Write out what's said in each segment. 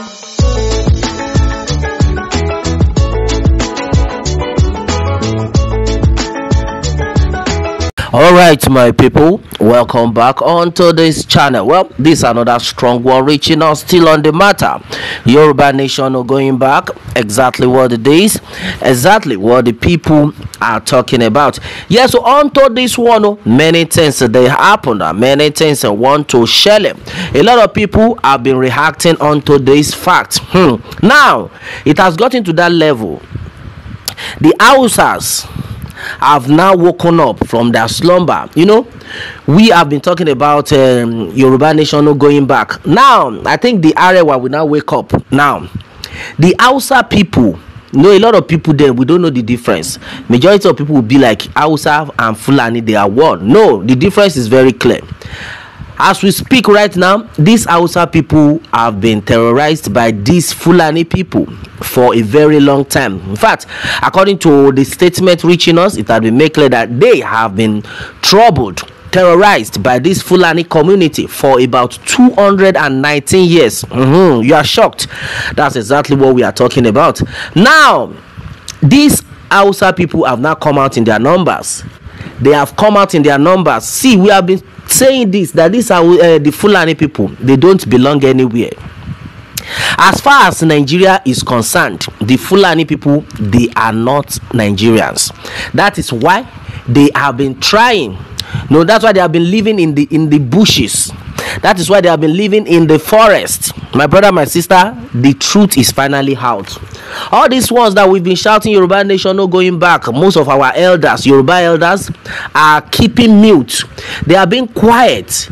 Thank you. all right my people welcome back onto this channel well this another strong one reaching us still on the matter yoruba nation are going back exactly what it is exactly what the people are talking about yes yeah, so onto this one oh, many things they happened many things i want to share them a lot of people have been reacting onto this fact hmm. now it has gotten to that level the houses have now woken up from their slumber. You know, we have been talking about um, Yoruba Nation going back. Now, I think the Arewa will now wake up. Now, the Hausa people know a lot of people there we don't know the difference majority of people will be like hausa and fulani they are one no the difference is very clear as we speak right now these hausa people have been terrorized by these fulani people for a very long time in fact according to the statement reaching us it had been made clear that they have been troubled terrorized by this Fulani community for about 219 years. Mm-hmm. You are shocked. That's exactly what we are talking about. Now, these Hausa people have now come out in their numbers. They have come out in their numbers. See, we have been saying this that these are uh, the Fulani people, they don't belong anywhere. As far as Nigeria is concerned, the Fulani people, they are not Nigerians. That is why they have been trying. No, that's why they have been living in the in the bushes That is why they have been living in the forest. My brother, my sister, the truth is finally out. All these ones that we've been shouting Yoruba nation, no going back. Most of our elders, Yoruba elders, are keeping mute. They are being quiet.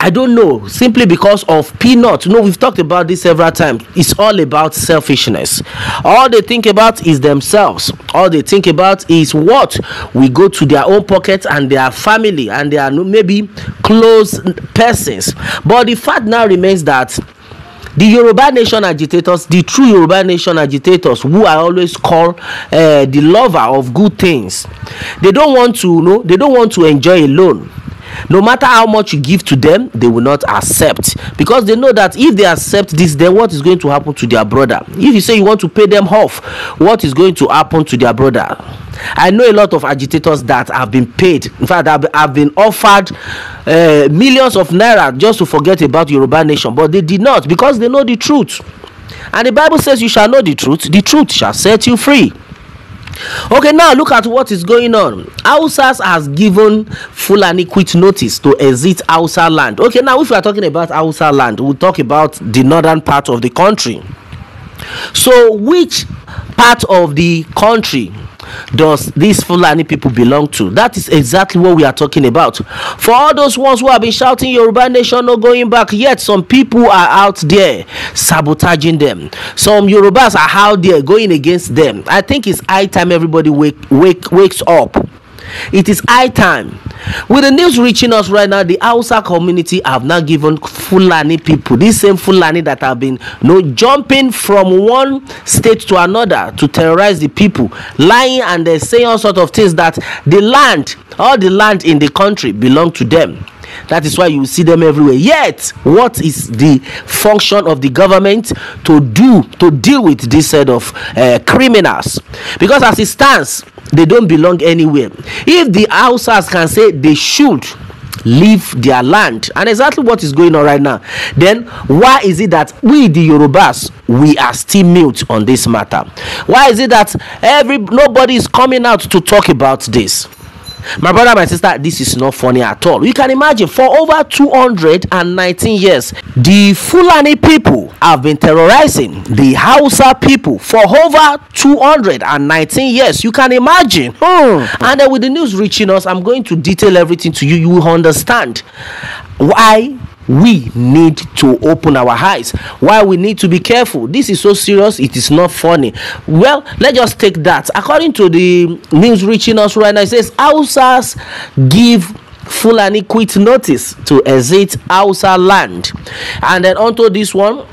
I don't know, simply because of peanut. You no, know, we've talked about this several times. It's all about selfishness. All they think about is themselves. All they think about is what we go to their own pockets and their family and their maybe close persons but the fact now remains that the yoruba nation agitators the true yoruba nation agitators who i always call uh, the lover of good things they don't want to you know they don't want to enjoy alone no matter how much you give to them they will not accept because they know that if they accept this then what is going to happen to their brother if you say you want to pay them off what is going to happen to their brother I know a lot of agitators that have been paid. In fact, have, have been offered uh, millions of naira just to forget about Yoruba nation, but they did not because they know the truth. And the Bible says, You shall know the truth, the truth shall set you free. Okay, now look at what is going on. Hausas has given full and quit notice to exit Hausa land. Okay, now if we are talking about Hausa land, we'll talk about the northern part of the country. So, which part of the country does these Fulani people belong to? That is exactly what we are talking about. For all those ones who have been shouting Yoruba nation no going back, yet some people are out there sabotaging them. Some Yorubas are out there going against them. I think it's high time everybody wake wake wakes up. It is high time. With the news reaching us right now, the Hausa community have now given Fulani people, these same Fulani that have been you know, jumping from one state to another to terrorize the people, lying and they saying all sort of things that the land, all the land in the country belong to them that is why you see them everywhere yet what is the function of the government to do to deal with this set of uh, criminals because as it stands they don't belong anywhere if the hausas can say they should leave their land and exactly what is going on right now then why is it that we the yorubas we are still mute on this matter why is it that every nobody is coming out to talk about this My brother, my sister, this is not funny at all. You can imagine for over 219 years, the Fulani people have been terrorizing the Hausa people for over 219 years. You can imagine. Hmm. And then with the news reaching us, I'm going to detail everything to you. You will understand why we need to open our eyes why we need to be careful this is so serious it is not funny well let's just take that according to the news reaching us right now it says hausas give fulani quit notice to exit hausa land and then onto this one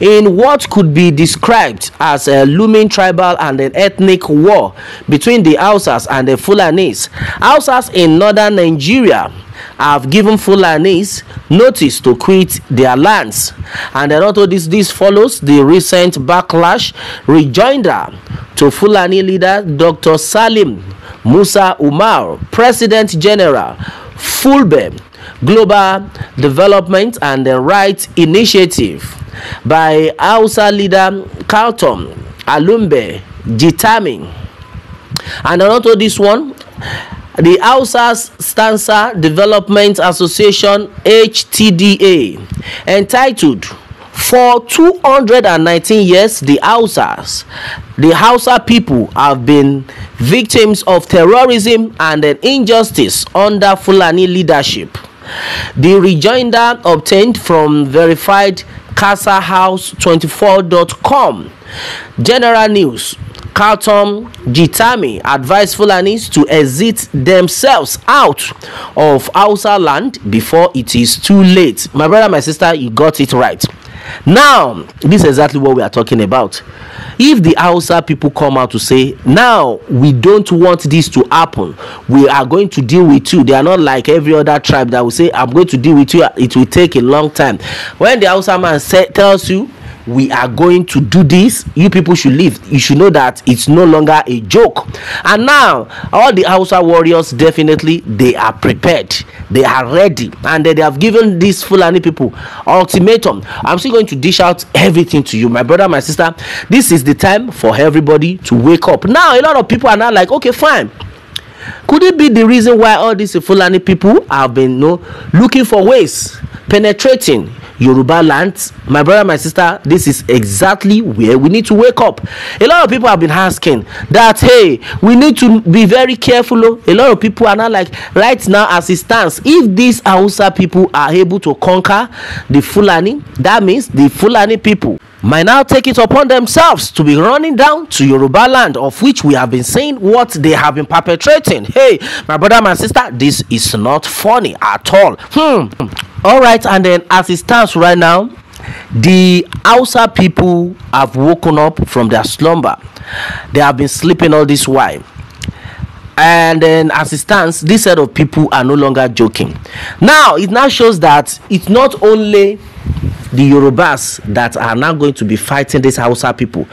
in what could be described as a looming tribal and an ethnic war between the hausas and the fulanis hausas in northern nigeria have given Fulanis notice to quit their lands. And then also this, this follows the recent backlash rejoinder to Fulani leader Dr. Salim Musa Umar, President General Fulbe Global Development and the Rights Initiative by Hausa leader Carlton Alumbe Jitami. And also this one the Hausa Stanza Development Association HTDA entitled for 219 years the Hausas the Hausa people have been victims of terrorism and an injustice under Fulani leadership the rejoinder obtained from verified Casa casahouse24.com general news Carlton Gitami advised Fulanis to exit themselves out of Hausa land before it is too late. My brother, my sister, you got it right. Now, this is exactly what we are talking about. If the Hausa people come out to say, now we don't want this to happen, we are going to deal with you. They are not like every other tribe that will say, I'm going to deal with you. It will take a long time. When the Hausa man say, tells you, we are going to do this you people should leave you should know that it's no longer a joke and now all the hausa warriors definitely they are prepared they are ready and they, they have given these fulani people ultimatum i'm still going to dish out everything to you my brother my sister this is the time for everybody to wake up now a lot of people are now like okay fine could it be the reason why all these fulani people have been you know, looking for ways penetrating Yoruba lands. My brother, my sister, this is exactly where we need to wake up. A lot of people have been asking that, hey, we need to be very careful. A lot of people are not like, right now, as it stands, if these Hausa people are able to conquer the Fulani, that means the Fulani people might now take it upon themselves to be running down to Yoruba land, of which we have been seeing what they have been perpetrating. Hey, my brother, my sister, this is not funny at all. Hmm. All right, and then as it stands right now, the Hausa people have woken up from their slumber. They have been sleeping all this while. and then as it stands this set of people are no longer joking now it now shows that it's not only the yorubas that are now going to be fighting these hausa people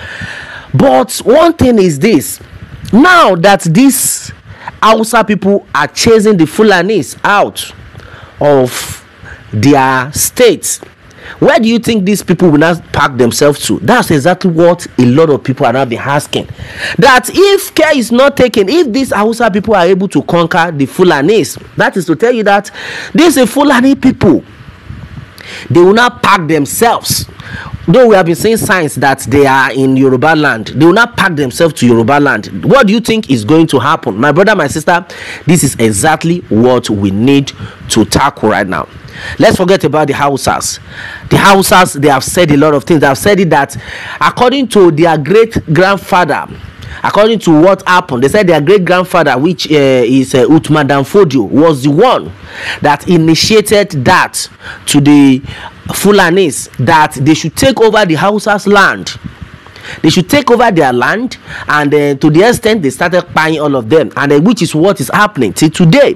but one thing is this now that these hausa people are chasing the fulanis out of their states where do you think these people will now pack themselves to that's exactly what a lot of people are now be asking that if care is not taken if these hausa people are able to conquer the fulanese that is to tell you that these fulani people they will not pack themselves though we have been seeing signs that they are in Yoruba land, they will not pack themselves to Yoruba land. What do you think is going to happen? My brother, my sister, this is exactly what we need to tackle right now. Let's forget about the Hausas. The Hausas, they have said a lot of things. They have said it that according to their great grandfather, according to what happened they said their great grandfather which uh, is uh, utman danfodio was the one that initiated that to the fulanis that they should take over the hausa's land they should take over their land and then uh, to the extent they started buying all of them and then uh, which is what is happening till today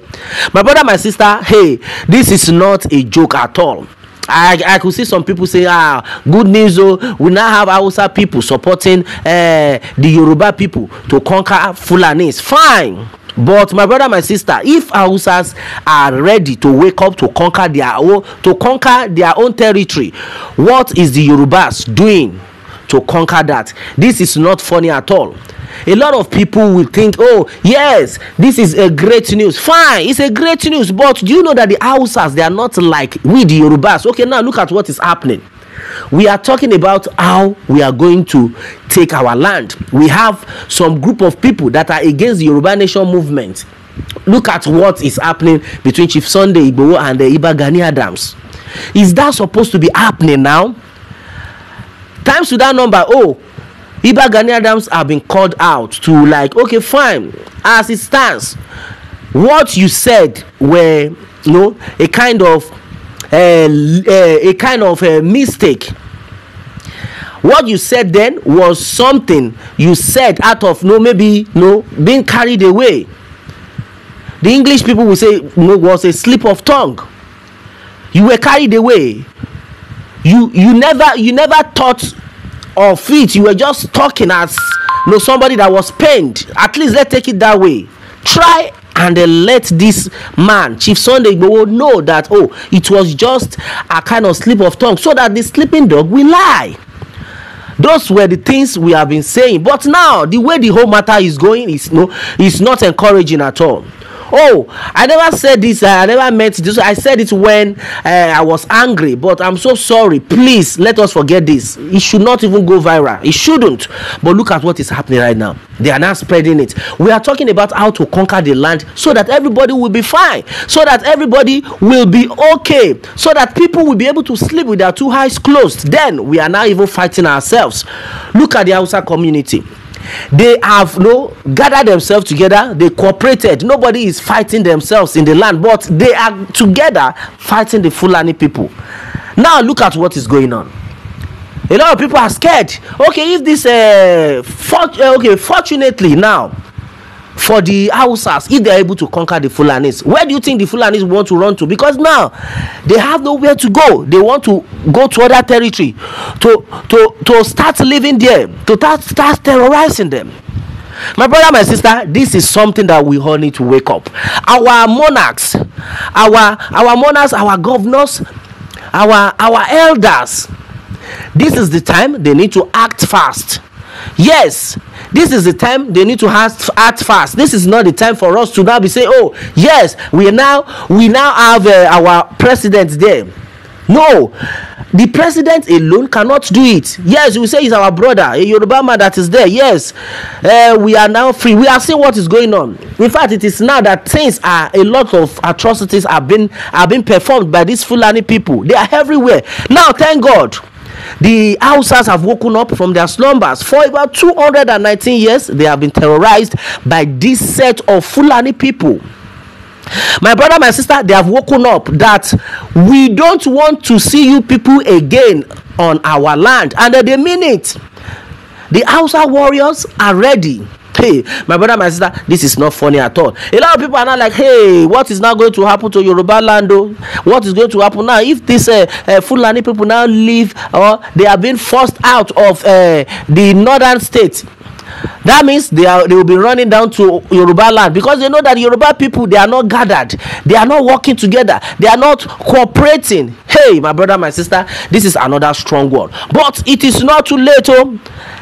my brother my sister hey this is not a joke at all I, I could see some people say, ah, good news, oh, we now have Hausa people supporting uh, the Yoruba people to conquer Fulani." Fulanis. Fine. But my brother, my sister, if Hausas are ready to wake up to conquer their own, to conquer their own territory, what is the Yorubas doing? to conquer that this is not funny at all a lot of people will think oh yes this is a great news fine it's a great news but do you know that the hausas they are not like we the yorubas okay now look at what is happening we are talking about how we are going to take our land we have some group of people that are against the yoruba nation movement look at what is happening between chief sunday igboho and the iba adams is that supposed to be happening now times to that number oh Iba Ghanian Adams have been called out to like okay fine as it stands what you said were you know a kind of uh, uh, a kind of a uh, eh, mistake what you said then was something you said out of no maybe no being carried away the english people will say no was a slip of tongue you were carried away you you never you never thought of it you were just talking as you know somebody that was pained at least let's take it that way try and uh, let this man chief sunday igbowo know that oh it was just a kind of slip of tongue so that the sleeping dog will lie those were the things we have been saying but now the way the whole matter is going is no is not encouraging at all oh i never said this uh, i never meant this i said it when uh, i was angry but i'm so sorry please let us forget this it should not even go viral it shouldn't but look at what is happening right now they are now spreading it we are talking about how to conquer the land so that everybody will be fine so that everybody will be okay so that people will be able to sleep with their two eyes closed then we are now even fighting ourselves look at the hausa community they have no gathered themselves together they cooperated nobody is fighting themselves in the land but they are together fighting the fulani people now look at what is going on a lot of people are scared okay if this uh, for, uh, okay fortunately now for the Hausas if they are able to conquer the Fulanis. Where do you think the Fulanis want to run to? Because now they have nowhere to go. They want to go to other territory to to to start living there, to start, start terrorizing them. My brother, my sister, this is something that we all need to wake up. Our monarchs, our our monarchs, our governors, our our elders. This is the time they need to act fast yes this is the time they need to act, fast this is not the time for us to now be saying oh yes we now we now have uh, our president there no the president alone cannot do it yes we say he's our brother a yoruba man that is there yes uh, we are now free we are seeing what is going on in fact it is now that things are a lot of atrocities are being are being performed by these fulani people they are everywhere now thank god The Hausas have woken up from their slumbers. For about 219 years, they have been terrorized by this set of Fulani people. My brother, my sister, they have woken up that we don't want to see you people again on our land. And they mean it. The Hausa warriors are ready hey my brother my sister this is not funny at all a lot of people are now like hey what is now going to happen to yoruba land o oh? what is going to happen now if these uh, uh, fulani people now leave or uh, they are being forced out of uh, the northern states that means they are they will be running down to yoruba land because they know that yoruba people they are not gathered they are not working together they are not cooperating hey my brother my sister this is another strong word but it is not too late oh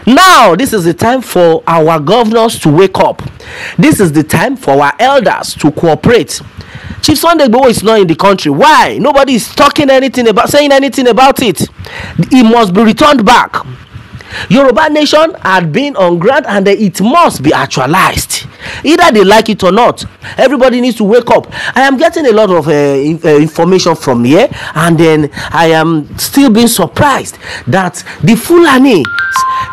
now this is the time for our governors to wake up this is the time for our elders to cooperate chief sunday igboho is not in the country why nobody is talking anything about saying anything about it he must be returned back Yoruba nation had been on ground and it must be actualized. Either they like it or not, everybody needs to wake up. I am getting a lot of uh, uh information from here, and then I am still being surprised that the Fulani,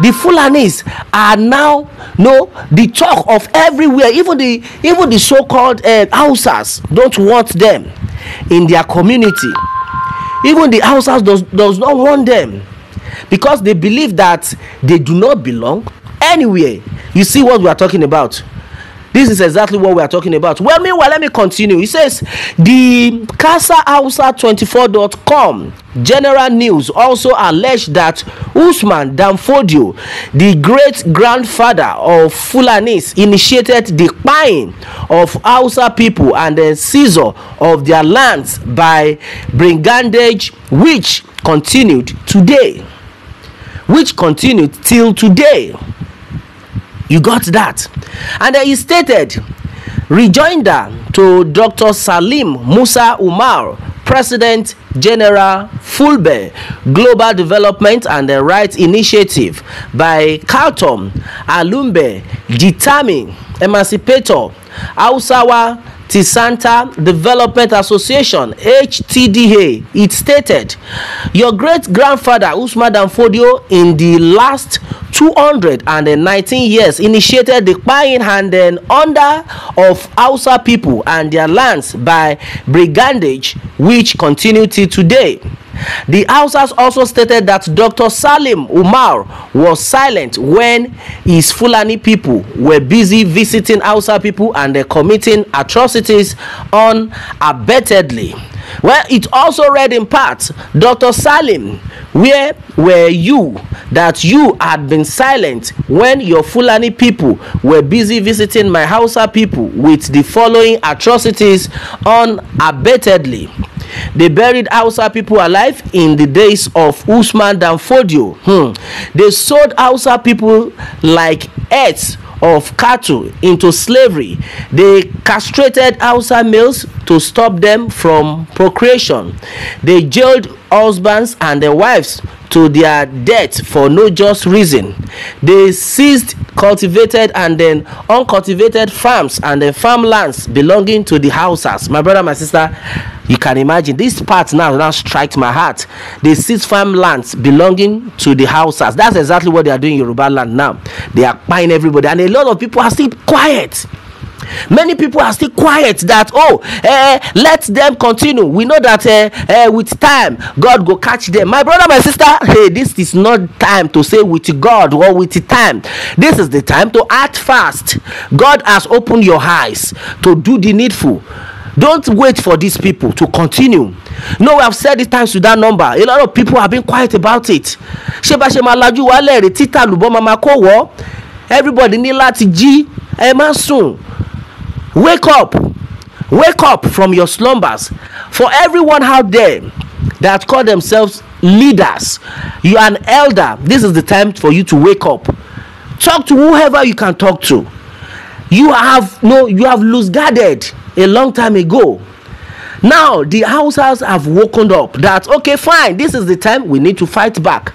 the Fulanis are now no the talk of everywhere. Even the even the so-called uh, don't want them in their community. Even the Hausas does does not want them because they believe that they do not belong anywhere you see what we are talking about this is exactly what we are talking about well meanwhile let me continue he says the casahausa24.com general news also alleged that usman danfodio the great grandfather of fulanis initiated the buying of hausa people and the seizure of their lands by brigandage which continued today which continued till today. You got that? And then he stated, rejoinder to Dr. Salim Musa Umar, President General Fulbe Global Development and the Rights Initiative by Carlton Alumbe Jitami Emancipator Ausawa Tisanta Development Association HTDA. It stated, Your great grandfather Usman Danfodio in the last two hundred and nineteen years initiated the buying and then under of Hausa people and their lands by brigandage, which continued till today. The Hausas also stated that Dr. Salim Umar was silent when his Fulani people were busy visiting Hausa people and committing atrocities unabatedly. Well, it also read in part, Dr. Salim, where were you that you had been silent when your Fulani people were busy visiting my Hausa people with the following atrocities unabatedly? They buried Hausa people alive in the days of Usman Danfodio. Hmm. They sold Hausa people like heads of cattle into slavery. They castrated Hausa males to stop them from procreation. They jailed husbands and their wives to their death for no just reason. They seized cultivated and then uncultivated farms and farm farmlands belonging to the houses. My brother, my sister, you can imagine this part now now strikes my heart. They seized farmlands belonging to the houses. That's exactly what they are doing in Yoruba land now. They are buying everybody, and a lot of people are still quiet. many people are still quiet that oh eh, let them continue we know that eh, eh, with time god go catch them my brother my sister hey this is not time to say with god or with time this is the time to act fast god has opened your eyes to do the needful don't wait for these people to continue no i've said it times to that number a lot of people have been quiet about it ṣé bá ṣe máa lajú wálẹ̀ rè títà lùbọ́ máa máa kó wọ́ everybody ní láti jí ẹ má sùn Wake up. Wake up from your slumbers. For everyone out there that call themselves leaders, you are an elder. This is the time for you to wake up. Talk to whoever you can talk to. You have no, you have loose guarded a long time ago. Now the houses have woken up that okay, fine, this is the time we need to fight back.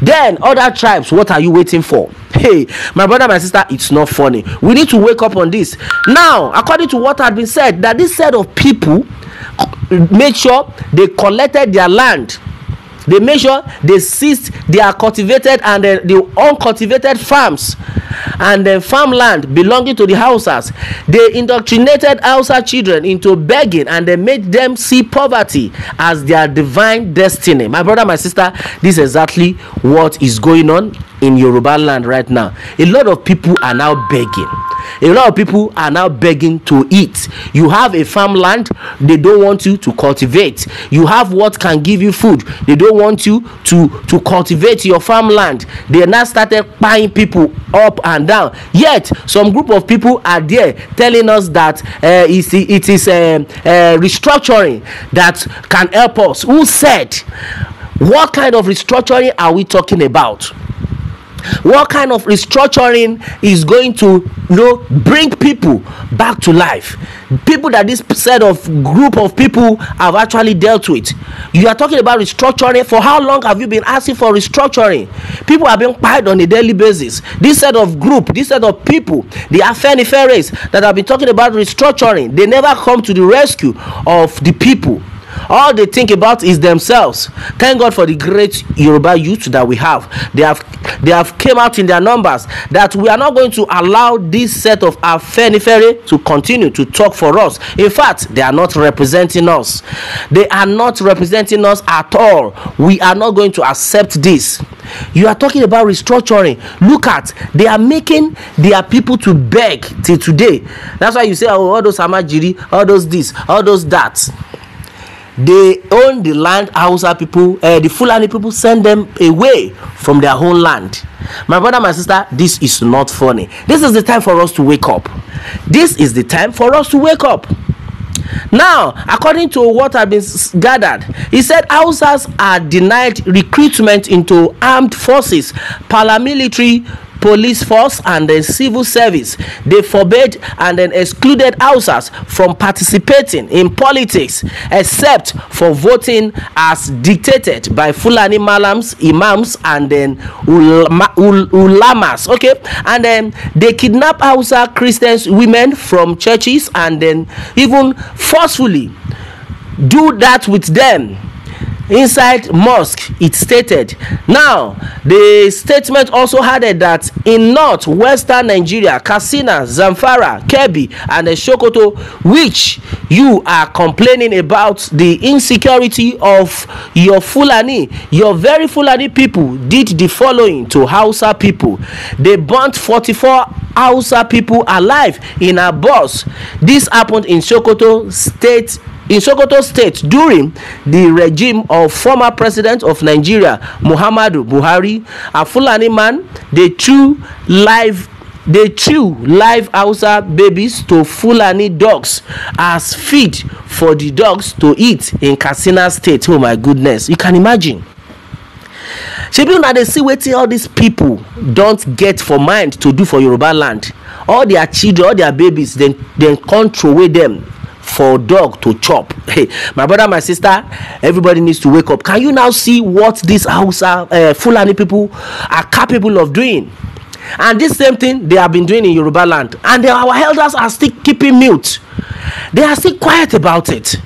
Then other tribes, what are you waiting for? hey my brother my sister it's not funny we need to wake up on this now according to what had been said that this set of people uh, made sure they collected their land they made sure they seized their cultivated and uh, the uncultivated farms and uh, farmland belonging to the Hausas. They indoctrinated Hausa children into begging and they made them see poverty as their divine destiny. My brother, my sister, this is exactly what is going on in Yoruba land right now. A lot of people are now begging a lot of people are now begging to eat you have a farmland they don't want you to cultivate you have what can give you food they don't want you to to cultivate your farmland they now started buying people up and down yet some group of people are there telling us that uh, eh, it, it is uh, uh, restructuring that can help us who said what kind of restructuring are we talking about what kind of restructuring is going to you know, bring people back to life people that this set of group of people have actually dealt with you are talking about restructuring for how long have you been asking for restructuring people are being piled on a daily basis this set of group this set of people the afenifere that have been talking about restructuring they never come to the rescue of the people all they think about is themselves thank god for the great yoruba youth that we have they have they have came out in their numbers that we are not going to allow this set of afenifere to continue to talk for us in fact they are not representing us they are not representing us at all we are not going to accept this you are talking about restructuring look at they are making their people to beg till today that's why you say oh all those amajiri all those this all those that they own the land hausa people uh, the fulani people send them away from their own land my brother my sister this is not funny this is the time for us to wake up this is the time for us to wake up now according to what has been gathered he said hausas are denied recruitment into armed forces paramilitary police force and the civil service. They forbade and then excluded Hausas from participating in politics except for voting as dictated by Fulani Malams, Imams, and then Ulamas. Okay, and then they kidnapped Hausa Christians women from churches and then even forcefully do that with them inside mosque it stated now the statement also added that in north western nigeria katsina zamfara kebbi and sokoto which you are complaining about the insecurity of your fulani your very fulani people did the following to hausa people they burnt 44 hausa people alive in a bus this happened in sokoto state in Sokoto State during the regime of former president of Nigeria Muhammadu Buhari, a Fulani man, they chew live they chew live Hausa babies to Fulani dogs as feed for the dogs to eat in Katsina State. Oh my goodness, you can imagine. shebi una dey see wetin all these people don get for mind to do for Yoruba land all their children all their babies dem dem come throway dem for dog to chop hey my brother my sister everybody needs to wake up can you now see what these hausa uh, uh, fulani people are capable of doing and this same thing they have been doing in yoruba land and they, our elders are still keeping mute they are still quiet about it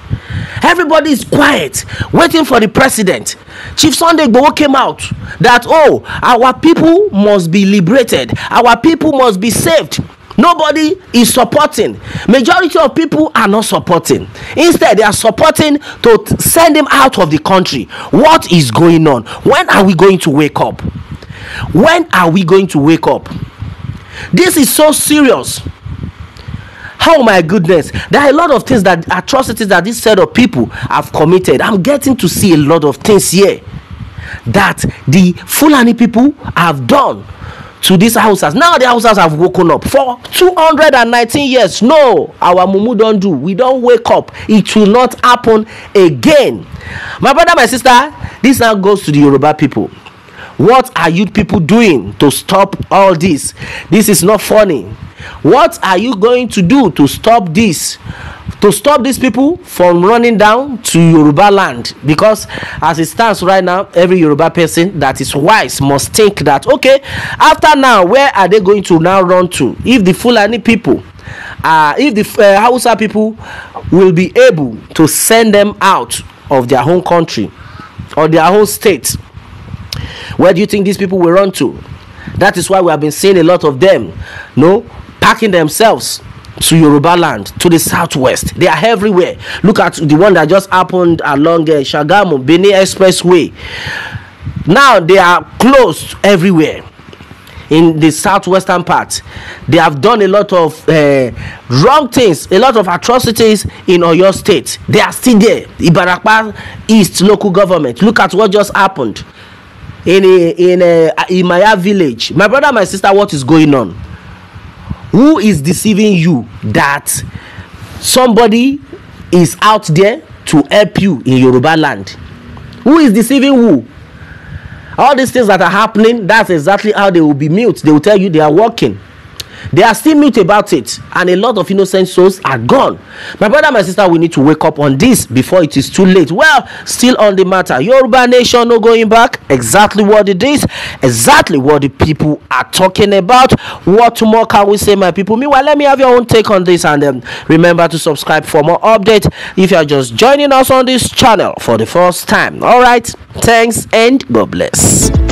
everybody is quiet waiting for the president chief sunday igbowo came out that oh our people must be liberated our people must be saved nobody is supporting majority of people are not supporting instead they are supporting to send him out of the country what is going on when are we going to wake up when are we going to wake up this is so serious oh my goodness there are a lot of things that atrocities that this set of people have committed i'm getting to see a lot of things here that the fulani people have done to these houses now the houses have woken up for 219 years no our mumu don do we don wake up it will not happen again my brother my sister this now goes to the yoruba people What are you people doing to stop all this? This is not funny. What are you going to do to stop this? To stop these people from running down to Yoruba land? Because as it stands right now, every Yoruba person that is wise must think that, okay, after now, where are they going to now run to? If the Fulani people uh, if the uh, Hausa people will be able to send them out of their home country or their home state Where do you think these people will run to? That is why we have been seeing a lot of them, no, packing themselves to Yoruba land, to the southwest. They are everywhere. Look at the one that just happened along uh, Shagamu, Benin Expressway. Now they are closed everywhere in the southwestern part. They have done a lot of uh, wrong things, a lot of atrocities in Oyo State. They are still there. Ibarapa East local government. Look at what just happened in a, in uh, a, village my brother my sister what is going on who is deceiving you that somebody is out there to help you in Yoruba land who is deceiving who all these things that are happening that's exactly how they will be mute they will tell you they are working They are still mute about it, and a lot of innocent souls are gone. My brother, my sister, we need to wake up on this before it is too late. Well, still on the matter, Yoruba Nation no going back. Exactly what it is, exactly what the people are talking about. What more can we say, my people? Meanwhile, let me have your own take on this, and um, remember to subscribe for more updates. If you are just joining us on this channel for the first time, all right. Thanks and God bless.